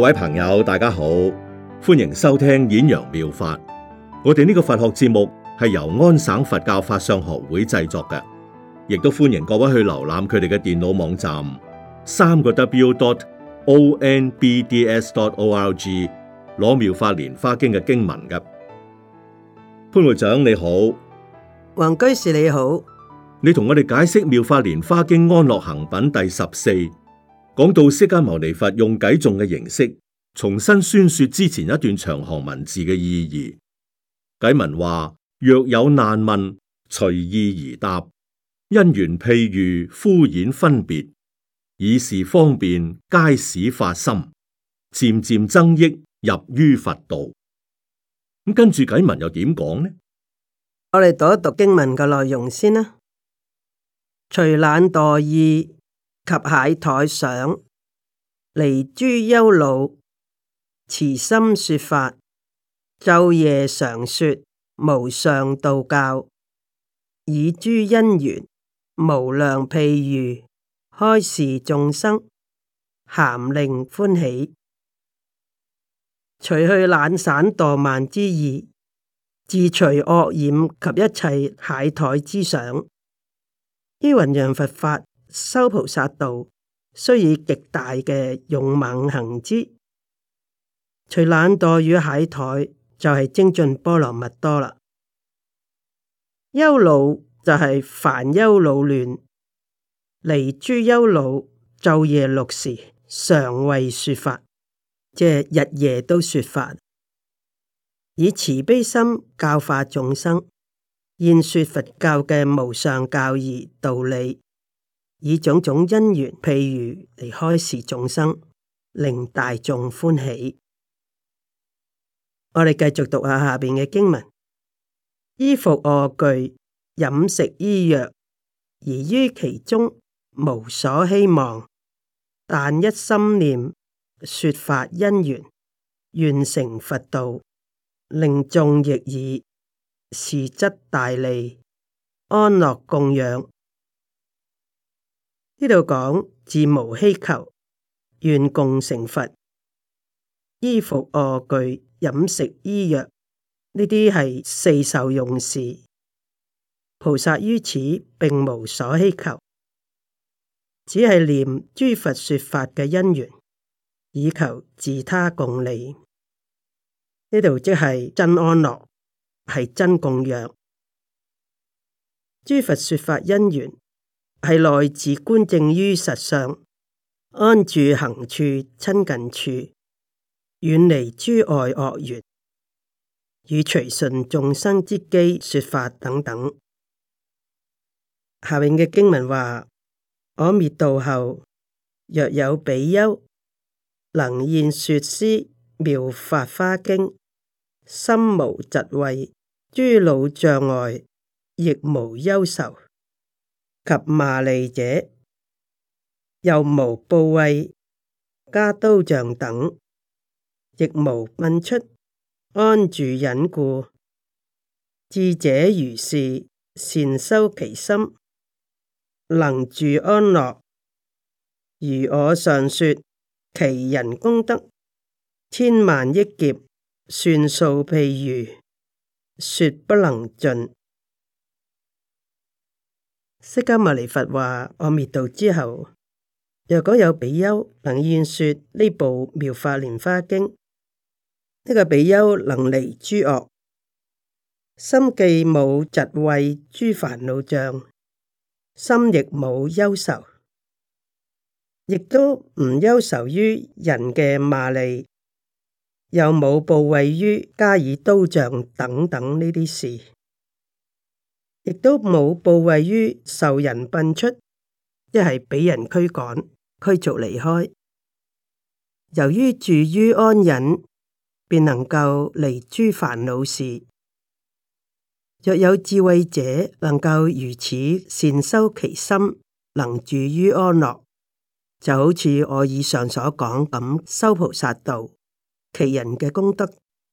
各位朋友，大家好，歡迎收聽演揚妙，妙法。我哋呢個佛學節目係由安省佛教法相學會製作嘅，亦都歡迎各位去瀏覽佢哋嘅電腦網站三個 W dot O N B D S dot O R G 攞妙法蓮花經嘅經文嘅。潘會長你好，黃居士你好，你同我哋解釋妙法蓮花經安樂行品第十四。講到釋迦牟尼佛用偈頌嘅形式重新宣說之前一段長行文字嘅意義，偈文話：若有難問，隨意而答；因緣譬喻，敷衍分別，以是方便，皆使發心漸漸增益，入於佛道。咁跟住偈文又點講呢？我哋讀一讀經文嘅內容先啦。除懶惰意。及懈怠上，離諸憂惱，慈心說法，晝夜常說無上道教，以諸因緣無量譬喻，開示眾生，咸令歡喜，除去懶散惰慢之意，自除惡染及一切懈怠之想，依弘揚佛法。修菩薩道，需以極大嘅勇猛行之，除懶惰與懈怠，就係、是、精進波羅蜜多啦。憂老就係煩憂老亂，離諸憂老晝夜六時常為說法，即日夜都說法，以慈悲心教化眾生，現說佛教嘅無上教義道理。以種種因緣譬喻嚟開示眾生，令大眾歡喜。我哋繼續讀下下邊嘅經文：衣服、卧具、飲食、醫藥，而於其中無所希望。但一心念說法因緣，願成佛道，令眾亦爾，是則大利安樂供養。呢度講自無希求，願共成佛。衣服、臥具、飲食、醫藥，呢啲係四受用事。菩薩於此並無所希求，只係念諸佛說法嘅因緣，以求自他共利。呢度即係真安樂，係真供養。諸佛說法因緣，係來自觀正於實相，安住行處親近處，遠離諸外惡緣，與隨順眾生之機說法等等。下邊嘅經文話：我滅度後，若有比丘能演說斯妙法華經，心無嫉恚，諸老障礙亦無憂愁。及罵詈者，又無怖畏、加刀杖等，亦無擯出安住忍故。智者如是，善修其心，能住安樂。如我上說，其人功德千萬億劫，算數譬喻，說不能盡。釋迦牟尼佛話：我滅度之後，若果有比丘能演說呢部妙法蓮花經，呢、這個比丘能離諸惡，心既冇嫉恚諸煩惱障，心亦冇憂愁，亦都唔憂愁於人嘅罵詈，又冇怖畏於加以刀杖等等呢啲事。亦都冇怖畏於受人擯出，一係俾人驅趕、驅逐離開。由於住於安忍，便能夠離諸煩惱事。若有智慧者能夠如此善修其心，能住於安樂，就好似我以上所講咁修菩薩道，其人嘅功德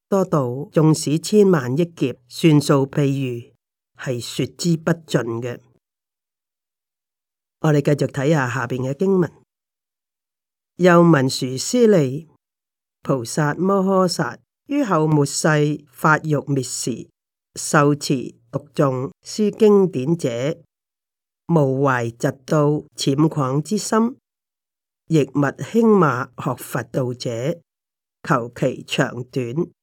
多到，縱使千萬億劫算數譬如。係說之不盡嘅，我哋繼續睇下下邊嘅經文。又文殊師利菩薩摩訶薩於後末世法欲滅時，受持讀誦斯經典者，無懷嫉妒，諂誑之心，亦勿輕罵學佛道者，求其長短。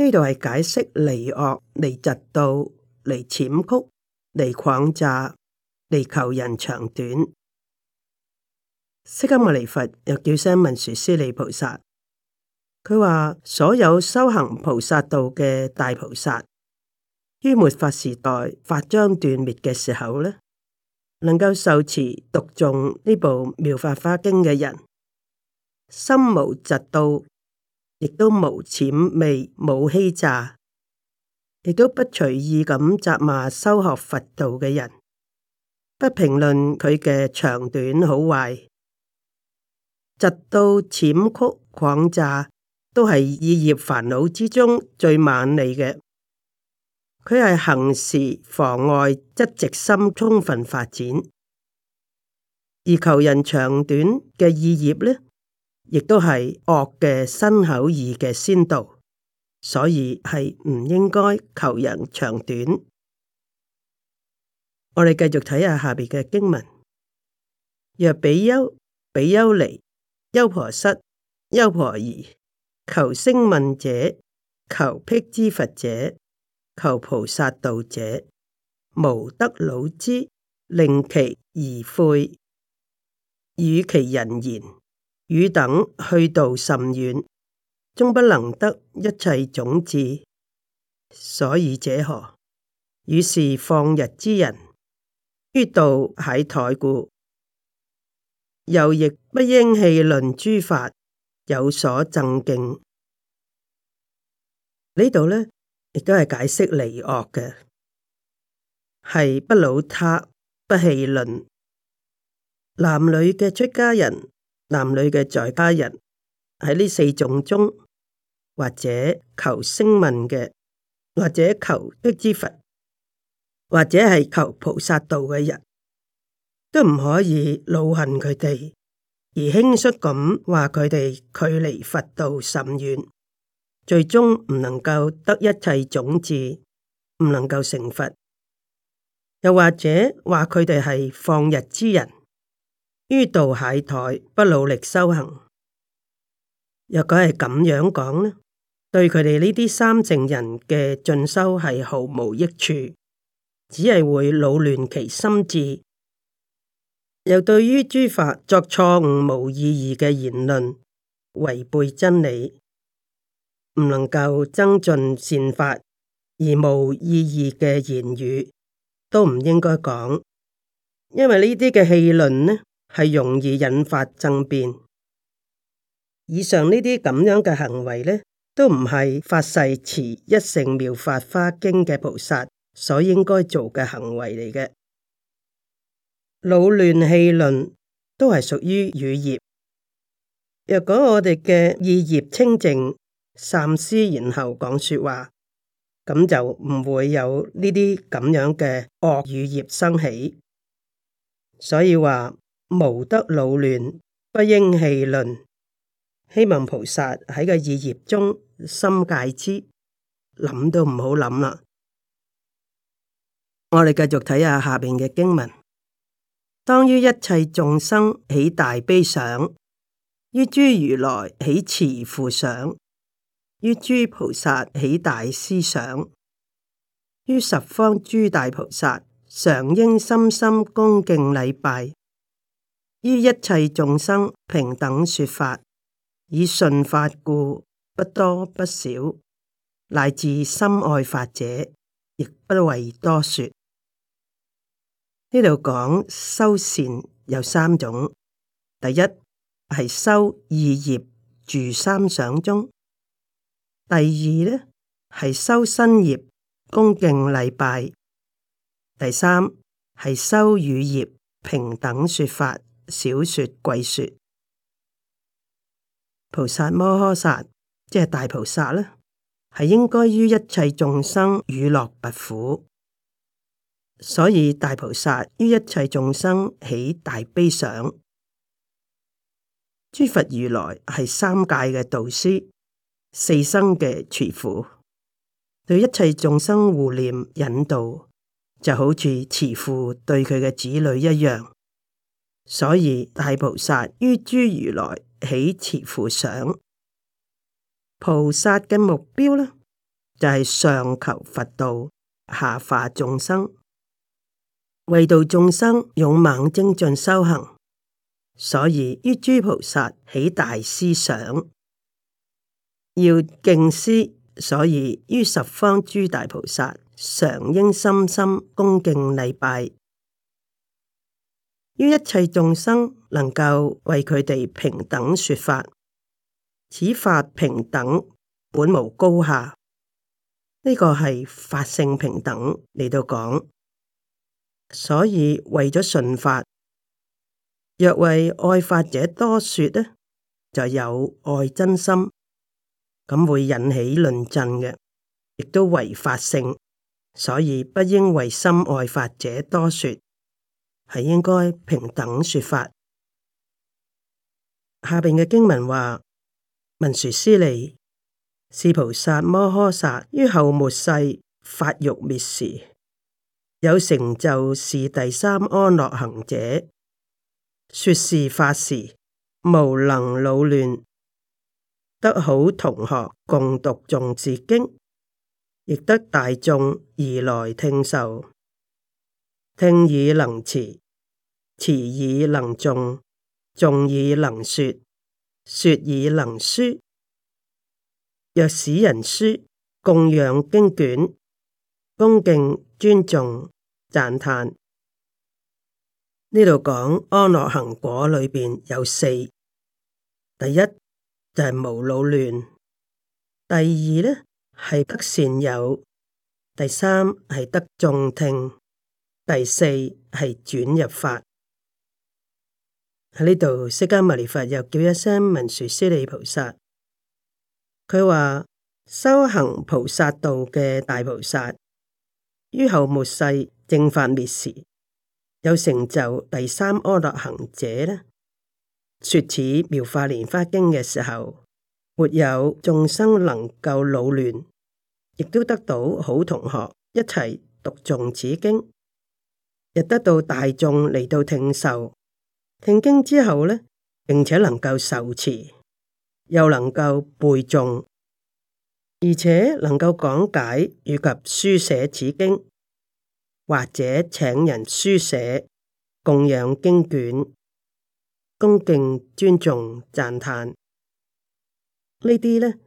呢度係解釋離惡、離嫉妒、離諂曲、離誑詐、離求人長短。釋迦牟尼佛又叫聲文殊師利菩薩，佢話所有修行菩薩道嘅大菩薩，於末法時代法將斷滅嘅時候咧，能夠受持讀誦呢部妙法華經嘅人，心無嫉妒。亦都無諂媚，冇欺詐，亦都不隨意咁責罵修學佛道嘅人，不評論佢嘅長短好壞，直到諂曲狂詐，都係意業煩惱之中最猛利嘅。佢係行事妨礙質直心充分發展，而求人長短嘅意業呢？亦都係惡嘅身口意嘅先導，所以係唔應該求人長短。我哋繼續睇下下邊嘅經文：若比丘、比丘尼、優婆塞、優婆夷，求聲聞者、求辟支佛者、求菩薩道者，無得惱之，令其疑悔，與其人言。汝等去道甚遠，終不能得一切種智。所以者何？汝是放逸之人於道懈怠故，又亦不應戲論，諸法有所諍競。呢度咧亦都係解釋離惡嘅，係不惱他不戲論男女嘅出家人。男女嘅在家人喺呢四種中，或者求聲聞嘅，或者求辟支佛，或者係求菩薩道嘅人，都唔可以惱恨佢哋，而輕率咁話佢哋距離佛道甚遠，最終唔能夠得一切種智，唔能夠成佛，又或者話佢哋係放逸之人。於道懈怠不努力修行，若果係咁樣講呢，對佢哋呢啲三乘人嘅進修係毫無益處，只係會擾亂其心智，又對於諸法作錯誤、無意義嘅言論，違背真理，唔能夠增進善法而無意義嘅言語都唔應該講，因為呢啲嘅戲論呢。係容易引發爭辯。以上呢啲咁樣嘅行為咧，都唔係發誓持一乘妙法華經嘅菩薩所應該做嘅行為嚟嘅。惱亂譏論都係屬於語業。若果我哋嘅意業清淨，三思然後講說話，咁就唔會有呢啲咁樣嘅惡語業生起。所以話。無得老亂不應氣論，希望菩薩喺個意業中心戒之，諗都唔好諗啦。我哋繼續睇下下邊嘅經文。當於一切眾生起大悲想，於諸如來起慈父想，於諸菩薩起大師想，於十方諸大菩薩常應深心恭敬禮拜。於一切眾生平等說法，以順法故，不多不少，乃至深愛法者，亦不為多說。呢度講修善有三種：第一係修意業住三想中；第二呢，係修身業恭敬禮拜；第三係修語業平等說法。小說貴說，菩薩摩訶薩即係大菩薩啦，係應該於一切眾生與樂拔苦。所以大菩薩於一切眾生起大悲想。諸佛如來係三界嘅導師，四生嘅慈父，對一切眾生護念引導，就好似慈父對佢嘅子女一樣。所以大菩薩於諸如來起慈父想，菩薩嘅目標呢就係、是、上求佛道，下化眾生，為度眾生勇猛精進修行。所以於諸菩薩起大師想，要敬師，所以於十方諸大菩薩常應心心恭敬禮拜。於一切眾生能夠為佢哋平等說法，此法平等本無高下，呢、這個係法性平等嚟到講。所以為咗信法，若為愛法者多說呢，就有愛真心，咁會引起論諍嘅，亦都違法性，所以不應為心愛法者多說。係應該平等說法。下邊嘅經文話：文殊師利，是菩薩摩訶薩於後末世法欲滅時，有成就是第三安樂行者，說是法時，無能老亂，得好同學共讀誦是經，亦得大眾而來聽受。聽以能持，持以能眾，眾以能說，說以能書。若使人書，供養經卷，恭敬尊重，讚歎。呢度講安樂行果裏邊有四，第一就係、是、無老亂，第二咧係得善友，第三係得眾聽。第四係轉入法喺呢度，釋迦牟尼佛又叫一聲文殊師利菩薩，佢話修行菩薩道嘅大菩薩，於後末世正法滅時，有成就第三安樂行者呢，說此妙法蓮華經嘅時候，沒有眾生能夠惱亂，亦都得到好同學一齊讀誦此經。亦得到大眾嚟到聽受聽經之後咧，並且能夠受持，又能夠背誦，而且能夠講解以及書寫此經，或者請人書寫供養經卷，恭敬尊重讚歎，呢啲咧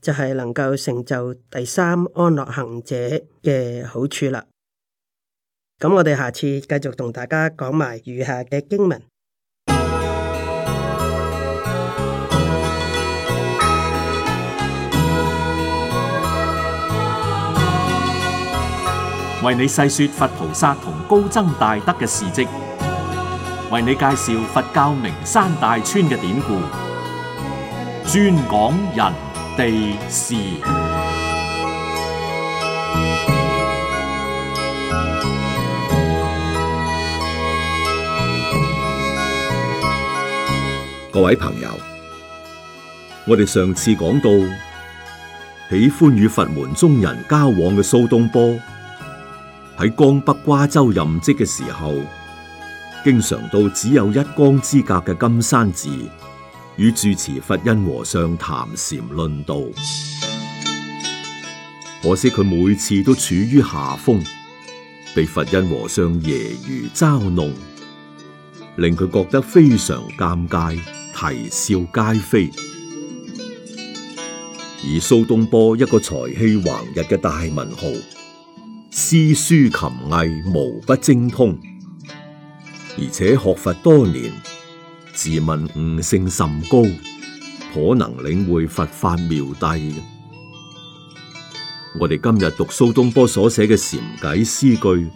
就係、是、能夠成就第三安樂行者嘅好處啦。咁我哋下次繼續同大家講埋餘下嘅經文，為你細說佛菩薩同高僧大德嘅事跡，為你介紹佛教名山大川嘅典故，專講人地事。各位朋友，我哋上次講到，喜歡與佛門中人交往嘅蘇東坡，喺江北瓜州任職嘅時候，經常到只有一江之隔嘅金山寺，與住持佛印和尚談禪論道。可惜佢每次都處於下風，被佛印和尚揶揄嘲弄，令佢覺得非常尷尬。啼笑皆非，而蘇東坡一個才氣橫溢嘅大文豪，詩書琴藝無不精通，而且學佛多年，自問悟性甚高，可能領會佛法妙諦嘅。我哋今日讀蘇東坡所寫嘅禪偈詩句，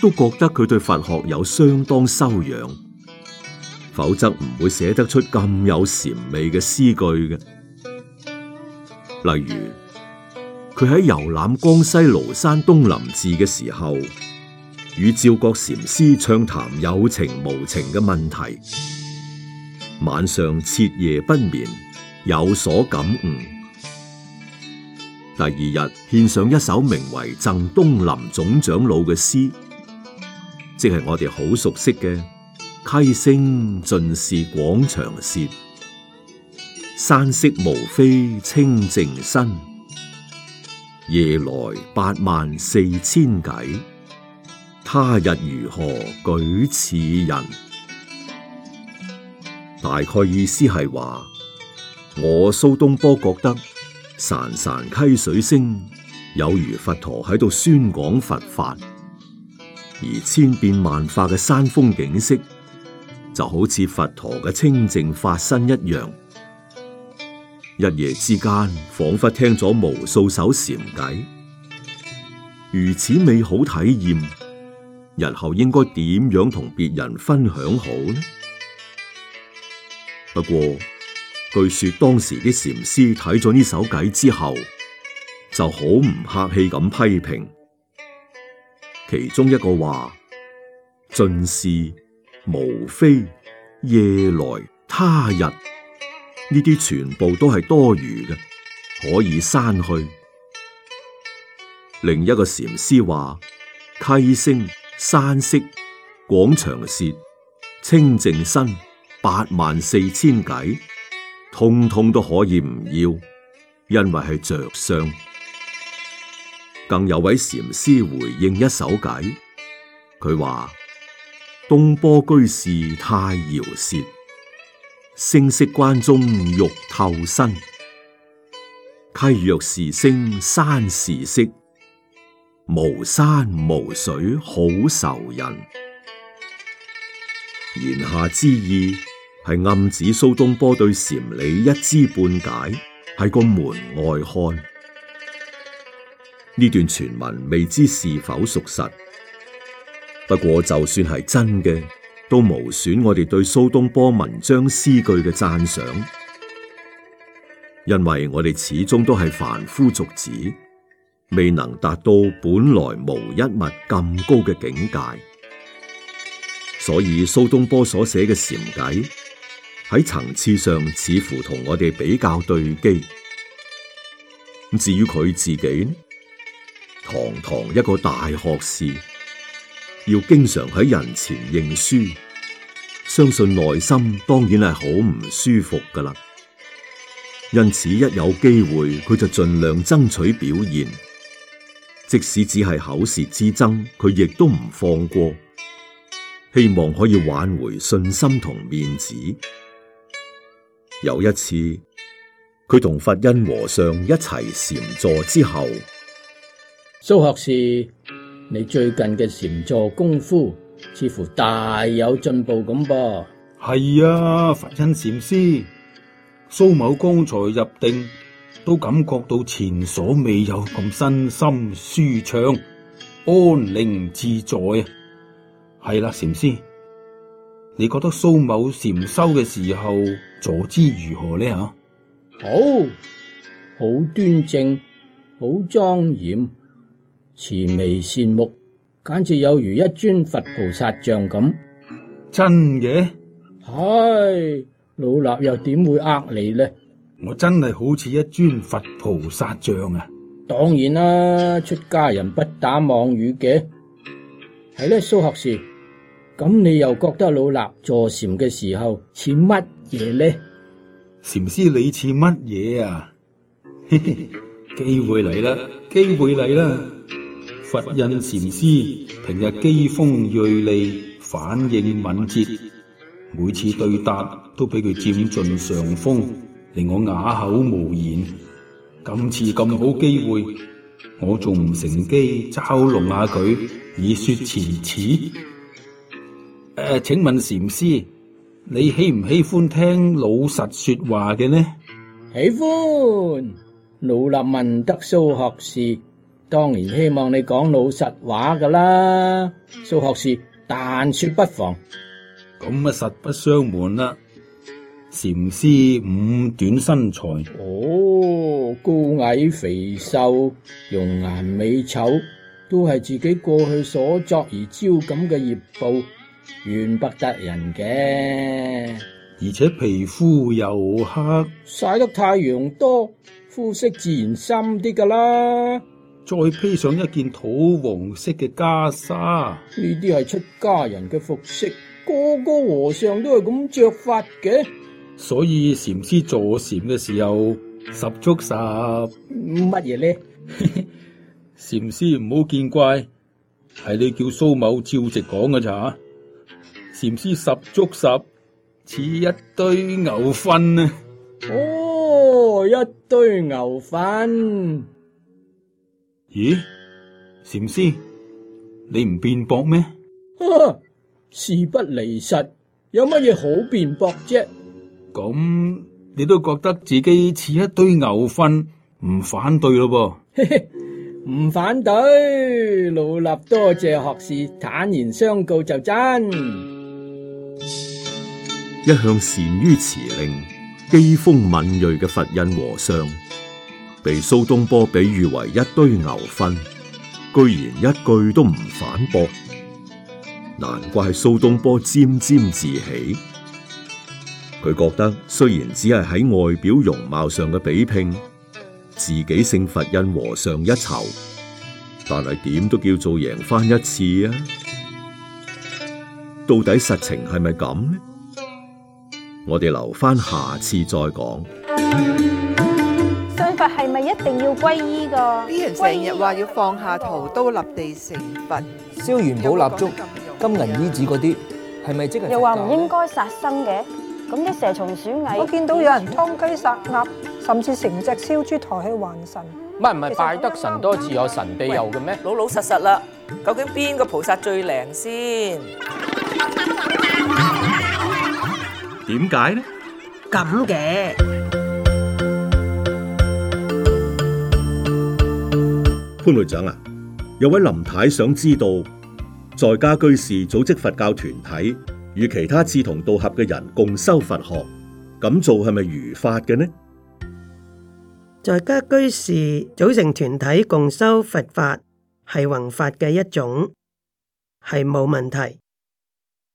都覺得佢對佛學有相當修養。否則唔會寫得出咁有禪味嘅詩句嘅。例如，佢喺遊覽江西廬山東林寺嘅時候，與趙國禪師暢談有情無情嘅問題，晚上徹夜不眠，有所感悟。第二日獻上一首名為《贈東林總長老》嘅詩，即係我哋好熟悉嘅。溪聲盡是廣長舌，山色無非清淨身。夜來八萬四千偈，他日如何舉此人？大概意思係話，我蘇東坡覺得潺潺溪水聲有如佛陀喺度宣講佛法，而千變萬化嘅山峰景色，就好似佛陀嘅清淨法身一樣，一夜之間仿佛聽咗無數首禪偈，如此美好體驗，日後應該點樣同別人分享好呢？不過據說當時啲禪師睇咗呢首偈之後，就好唔客氣咁批評，其中一個話：盡是。無非夜來他日，呢啲全部都係多餘嘅，可以刪去。另一個禪師話：溪聲山色廣長舌，清淨身八萬四千偈，通通都可以唔要，因為係着相。更有位禪師回應一首偈，佢話。東坡居士太饒舌，聲色關中欲透身。溪若時聲山時色，無山無水好愁人。言下之意係暗指蘇東坡對禪理一知半解，係個門外漢。呢段傳聞未知是否屬實。不過就算係真嘅，都無損我哋對蘇東坡文章詩句嘅讚賞，因為我哋始終都係凡夫俗子，未能達到本來無一物咁高嘅境界，所以蘇東坡所寫嘅禪偈喺層次上似乎同我哋比較對機。至於佢自己呢？堂堂一個大學士。要經常喺人前認輸，相信內心當然係好唔舒服噶啦。因此一有機會，佢就盡量爭取表現，即使只係口舌之爭，佢亦都唔放過，希望可以挽回信心同面子。有一次，佢同佛印和尚一齊禪坐之後，蘇學士。你最近嘅禪坐功夫似乎大有進步咁噃。係啊，佛恩禪師，蘇某剛才入定都感覺到前所未有咁身心舒暢、安寧自在啊。係啦，禪師，你覺得蘇某禪修嘅時候坐姿如何呢？啊，好，好端正，好莊嚴。慈眉善目，簡直有如一尊佛菩薩像咁，真嘅？唉，老衲又點會呃你呢？我真係好似一尊佛菩薩像啊！當然啦，出家人不打妄語嘅。係咧，蘇學士，咁你又覺得老衲坐禪嘅時候似乜嘢呢？禪師你似乜嘢啊？機會嚟啦，機會嚟啦！佛印禪師平日機鋒銳利，反應敏捷，每次對答都俾佢佔盡上風，令我啞口無言。今次咁好機會，我仲唔乘機嘲弄下佢以雪前恥？誒、呃，請問禪師，你喜唔喜歡聽老實說話嘅呢？喜歡。老衲問得蘇學士。當然希望你講老實話噶啦。數學士，但說不妨。咁啊，實不相瞞啦，禪師五短身材，哦，高矮肥瘦容顏美醜，都係自己過去所作而招咁嘅業報，怨不得人嘅。而且皮膚又黑，曬得太陽多，膚色自然深啲噶啦。再披上一件土黃色嘅袈裟，呢啲係出家人嘅服飾，個個和尚都係咁着法嘅。所以禪師坐禪嘅時候，十足十，乜嘢呢？禪師唔好見怪，係你叫蘇某照直講㗎咋？禪師十足十似一堆牛糞啊！哦，一堆牛糞。咦，禪師，你唔辯駁咩？呵、啊、事不離實，有乜嘢好辯駁啫？咁你都覺得自己似一堆牛糞，唔反對咯噃？嘿嘿，唔反對，老衲多謝學士坦然相告就真。 一向善於辭令、機鋒敏銳嘅佛印和尚。被蘇東坡比喻為一堆牛糞，居然一句都唔反駁，難怪係蘇東坡沾沾自喜。佢覺得雖然只係喺外表容貌上嘅比拼，自己勝佛印和尚一籌，但係點都叫做贏返一次啊！到底實情係咪咁呢？我哋留返下次再講。佛係咪一定要皈依噶？啲人成日話要放下屠刀立地成佛，燒元寶蠟燭、金銀衣紙嗰啲，係咪即係？又話唔應該殺生嘅，咁啲蛇蟲鼠蟻，我見到有人劏雞殺鴨，甚至成隻燒豬抬去還神。唔係唔係，拜得神多自有神庇佑嘅咩？老老實實啦，究竟邊個菩薩最靈先？點解呢？咁嘅。張隊長啊，有位林太想知道，在家居士組織佛教團體，與其他志同道合嘅人共修佛學，咁做係咪如法嘅呢？在家居士組成團體共修佛法，係宏法嘅一種，係冇問題。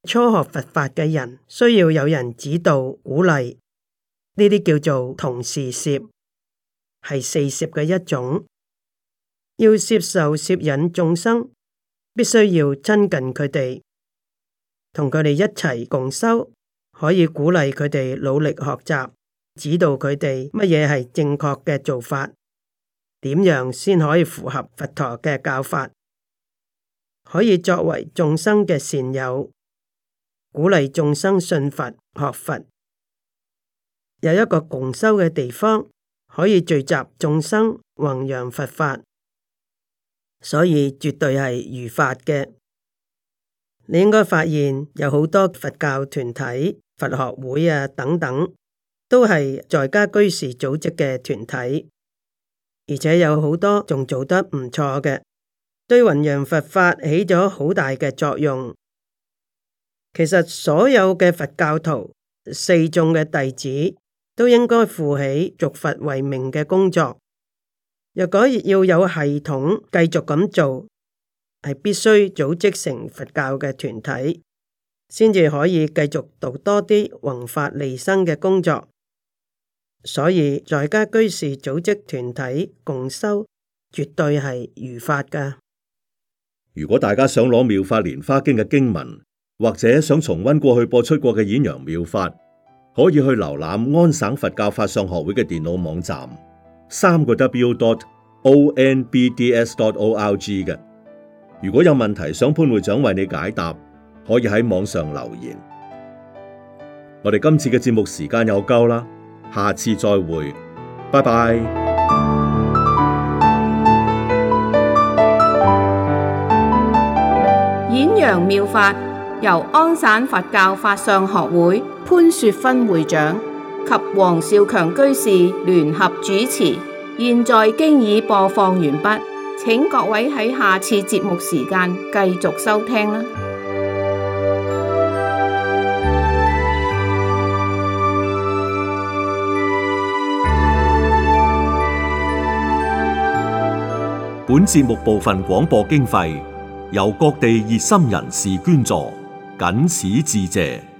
初學佛法嘅人需要有人指導鼓勵，呢啲叫做同事攝，係四攝嘅一種。要攝受攝引眾生，必須要親近佢哋，同佢哋一齊共修，可以鼓勵佢哋努力學習，指導佢哋乜嘢係正確嘅做法，點樣先可以符合佛陀嘅教法，可以作為眾生嘅善友，鼓勵眾生信佛學佛，有一個共修嘅地方，可以聚集眾生，弘揚佛法。所以絕對係如法嘅，你應該發現有好多佛教團體、佛學會啊等等，都係在家居士組織嘅團體，而且有好多仲做得唔錯嘅，對弘揚佛法起咗好大嘅作用。其實所有嘅佛教徒、四眾嘅弟子都應該負起續佛為名嘅工作。若果要有系統繼續咁做，係必須組織成佛教嘅團體，先至可以繼續做多啲弘法利生嘅工作。所以在家居士組織團體共修，絕對係如法㗎。如果大家想攞《妙法蓮花經》嘅經文，或者想重溫過去播出過嘅演揚妙法，可以去瀏覽安省佛教法相學會嘅電腦網站。三個 w dot onbds dot org 嘅，如果有問題想潘會長為你解答，可以喺網上留言。我哋今次嘅節目時間又夠啦，下次再會，拜拜。演揚妙法由安省佛教法相學會潘雪芬會長及黃少強居士聯合主持，現在經已播放完畢，請各位喺下次節目時間繼續收聽啦。本節目部分廣播經費由各地熱心人士捐助，謹此致謝。